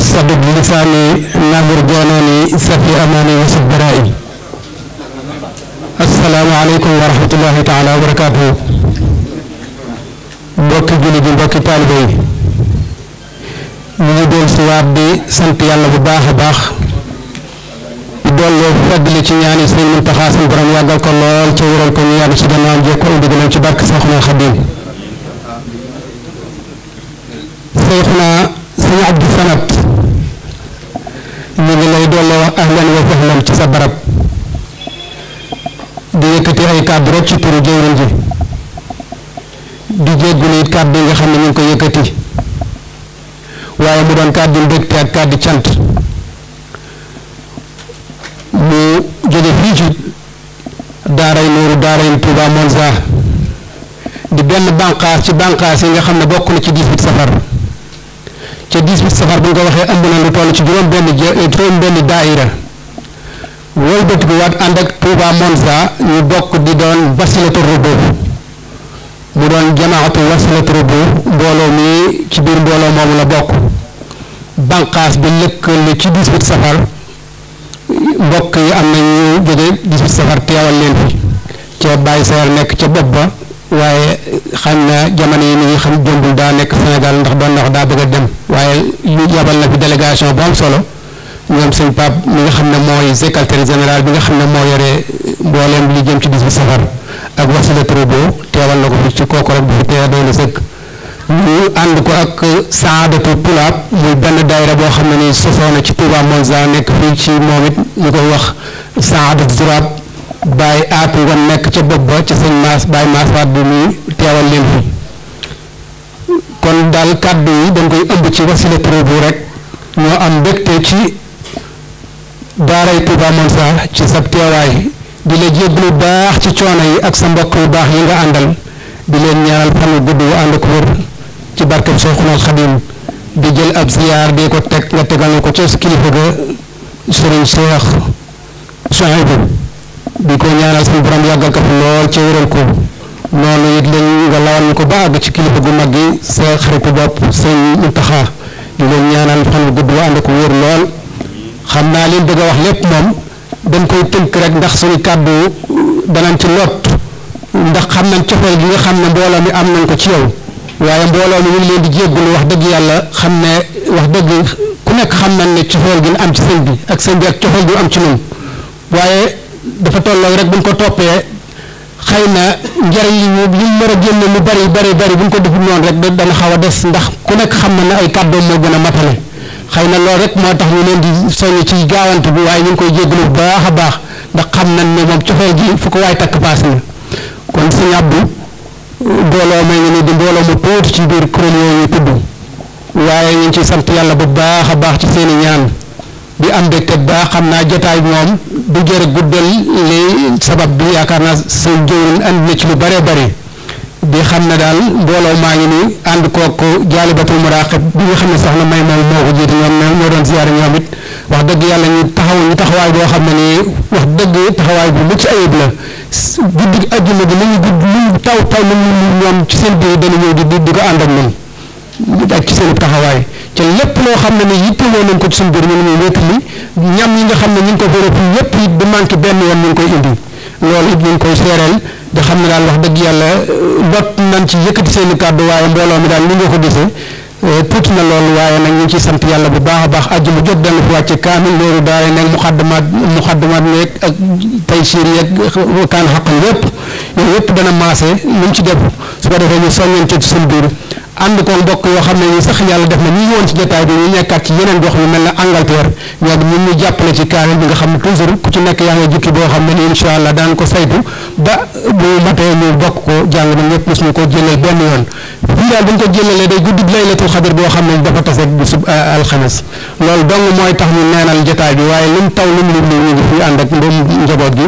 sadid lisaani naabur joonooni safi amaani wasib baraa'i assalaamu aleykum wa rahmatullahi taala wa barakaatuhu mbokki jullit yi mbokki taalibe yi ñu ngi doon si waat di sant yàlla bu baax a baax di dolloo ci ñaani sëñ Muntaxa seen borom yàggal ko lool ca wéral ko yàgg ci gannaaw jokko indi gannaaw ci barke Seexuna Xadim Seexuna sëñ Abdou Samad ñu ngi lay dolloo wax ahlan wa sahlan ci sa barab di yëkkati ay kàddu rek ci turu jëwriñ ji di jéggulu it kàddu yi nga xam ne ñu ko koy yëkkati waaye mu doon kàddu mbégte ak kàddu cant mu jóge fii ci daaray Nuuru daaray Touba Monza di benn bànqaar ci banqaas yi nga xam ne bokk na ci 18 safar safar bu ko waxee ëmb na lu toll ci juróom benn eh, juróom benn daayira wëlbati ko waat ànd ak Touba Monza ñu bokk di doon wasilatu rubu mu doon jamaatu wasilatu rubu mbooloo mi ci biir mbooloo moomu la bokk banqaas bi lëkkale ci 18 safar mbokk yi am nañu jóge 18 safar teewal leen fi ca Baye Seer nekk ca bopp ba waaye xam na jamono yi ni nga xam jombul daa nekk Sénégal ndax doon na daa bëgg dem waaye lu yabal na fi délégation bu solo ñoom sëñ Pape mu nga xam ne mooy secrétaire général bi nga xam ne moo yore mbooleem li jëm ci bis bi safar ak Wasila Turbo teewal na ko fi ci kooku rek bu fi teewee doy na sëkk ñu ko ak benn daayira boo xam ne ni sosoo na ci Touba Monza nekk fii ci moom it ñu koy wax saada zuraab Baye aat nga nekk ca bopp ba ca sëñ Maas Baye Maas waat bi muy teewal leen fi kon daal kàddu yi dañ koy ëmb ci Wassila Pro bu rek ñoo am mbégte ci daaray Touba Monza ci sab teewaay di la jéglu baax ci coono yi ak sa mbokk yu baax yi nga àndal di leen ànd ak ci barkeb Seexul Xadiim di jël ab ziyaar di ko teg nga tegal ko ca kilifa ga sëriñ Seex Suhaybu di ko ñaanal suñu borom yàgg ko fi lool ci wéral ko noonu it lañ nga lawal ñu ko ba ci kilifa gu mag gi sa xaritu bopp sëñ Muntaxa di leen ñaanal fan bu gudd wa ànd lool xam naa leen bëgg wax lépp moom dañ koy tënk rek ndax suñu kàddu danañ ci lot ndax xam nañ cofeel gi nga xam ne mbooloo mi am nañ ko ci yow waaye mbooloo mi ñu ngi leen di jéggul wax dëgg yàlla xam ne wax dëgg ku nekk xam nañ ne cofeel gi am ci sëñ bi ak sëñ bi ak cofeel gi am ci ñun waaye dafa tolloog rek buñ ko toppee xëy na njariñ yi ñu mën a génne lu bari bari bari buñ ko deful ñoom rek dana xaw a des ndax ku nekk xam na ne ay kàddoom moo gën a matale xëy na loolu rek moo tax ñu leen di soññ ci gaawante bi waaye ñu koy jéggalu bu baax a baax ndax xam nañ ne moom cofee ji fu ko waay takk paas na kon sëñ Abdou mbooloo may ngi ni di mbooloo mu tuuti ci biir kuréel yooyu ñu tudd waaye ñu ngi ciy sant yàlla bu baax a baax ci seen ñaan di am mbégte ba xam naa jotaay moom du jërë guddal li sabab bi yaakaar naa seen jëwriñ andi na ci lu bëree bëri di xam ne daal mbooloo maa ngi nii ànd kooku jaalibatul muraqib bi nga xam ne soxna may moom moo ko jiite ñoom ñoo doon ziyaare ñoom it wax dëgg yàlla ñu taxaw ñu taxawaay boo xam ne nii dëgg taxawaay bu mucc ayib la guddi ci seen biir dana ñëw di di ko ànd ak ñun mu ci seen taxawaay ca lépp loo xam ne ni yittewoo nañ ko ci suñu biir ñu ngi wétali ñam yi nga xam ne ñu ngi ko bërëb yépp it du manqué benn yoon ñu ngi koy indi loolu it ñu ngi koy xam ne daal wax dëgg yàlla lot eh, nañ ci yëkkati seen i kàddu waaye mi daal ni nga ko gisee eh, tuuti na loolu waaye nag ñu ngi sant yàlla bu baax a baax aju mu jot dana fi wàcce kaamil loolu daal nekk muxaddamaat muxaddamaat yeeg ak taysiir yeeg kaan xaqal yépp yooyu yépp dana maase lu mu ci def su ko defee ñu soññante ci suñu biir ànd koon bokk yoo xam ne ni sax yàlla def na ñu ngi ci jotaay bi ñu nekkaat ci yeneen gox yu mel ne Angleterre ñoom ñun ñu jàppale ci kaamil bi nga xam ne toujours ku boo xam ne ni incha allah ko saytu ba bu matee ñu bokk ko jàng na ñëpp mosuñu ko jëlee benn yoon fii daal dañ ko jëlalee guddib laylatul xadir boo xam ne dafa tase ak bisub euh, alxames loolu dong mooy tax mu neenal jotaay bi waaye lu taw lu mu lu ñu ngi fi ànd ak ndoom njaboot gi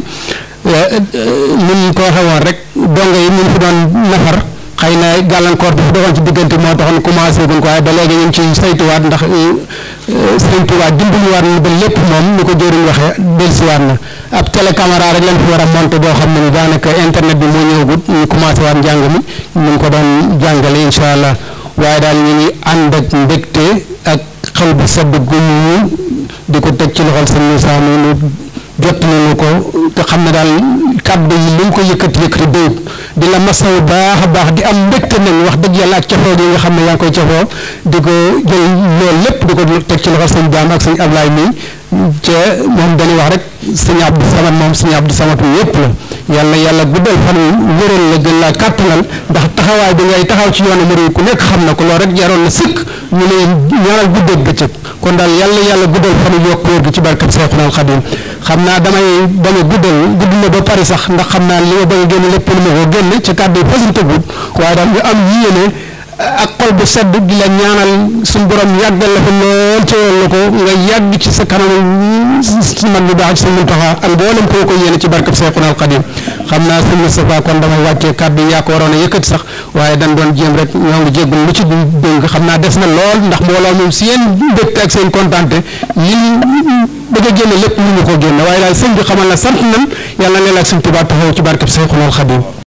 euh, euh, ñun ko waxee woon rek dong yi ñu fi doon nafar xëy na gàllankoor bi doxoon ci diggante moo taxoon commencé buñ ko waaye ba léegi ñu ngi ciy saytuwaat ndax euh, euh, Sëriñ Tuubaa dimbaliwaat na ba lépp moom ni ko jëriñ waxee dellusiwaat na ab télécaméra rek lañ fi war a monté doo xam ne ni daanaka internet bi moo ñëwagut ñu commencé waat njàng mi ñu ngi ko doon jàngale incha allah waaye daal ñu ngi ànd ak mbégte ak xel bu sedd gu ñu di ko teg ci loxol sëñ Moussa jot nañu ko te xam na daal kàddu yi lu ñu ko yëkkati yëkkati doyut di la masawu baax a baax di am mbégte nañ wax dëgg yàlla ak cofoo nga xam ne yaa koy cofoo di ko jël loolu lépp ci loxo sëñ Daam ak sëñ Ablaay mii ca moom dañuy wax rek sëñ Abdou moom sëñ Abdou Samad mi yëpp la yàlla yàlla guddal fan wéral la gën laa kàttanal ndax taxawaay bi ngay taxaw ci yoonu murid ku nekk xam na ko loolu rek jaroon na sëkk ñu ne ñaanal guddeeg bëccëg kon daal yàlla yàlla guddal fan yokk wér gi ci barkab Seexul Xadiim xam naa damay bañ a guddal gudd na ba pare sax ndax xam naa li ma bëgg a génne lépp lu ma ko génne ci kàddu yi fasin tëggut waaye daal ñu am yéene ak xol bu sedd di la ñaanal suñu borom yàggal la fa yittewoon na ko nga yàgg ci sa kanam si man bu baax ci sa muntaxaa ak mboolem koo ko yéene ci barkab Seexuna Alxadim xam naa sëñ Moustapha kon damay wàccee kàddu yi yaa ko waroon a yëkkati sax waaye dañ doon jéem rek ñoo ngi jéggul lu ci dégg xam naa des na lool ndax mbooloo moom seen mbégte ak seen kontaante ñun bëgg a génne lépp mënuñu ko génne waaye laay sëñ bi xamal na sant nañ yàlla na leen ak sëñ Tuubaa taxaw ci barkab Seexuna Alxadim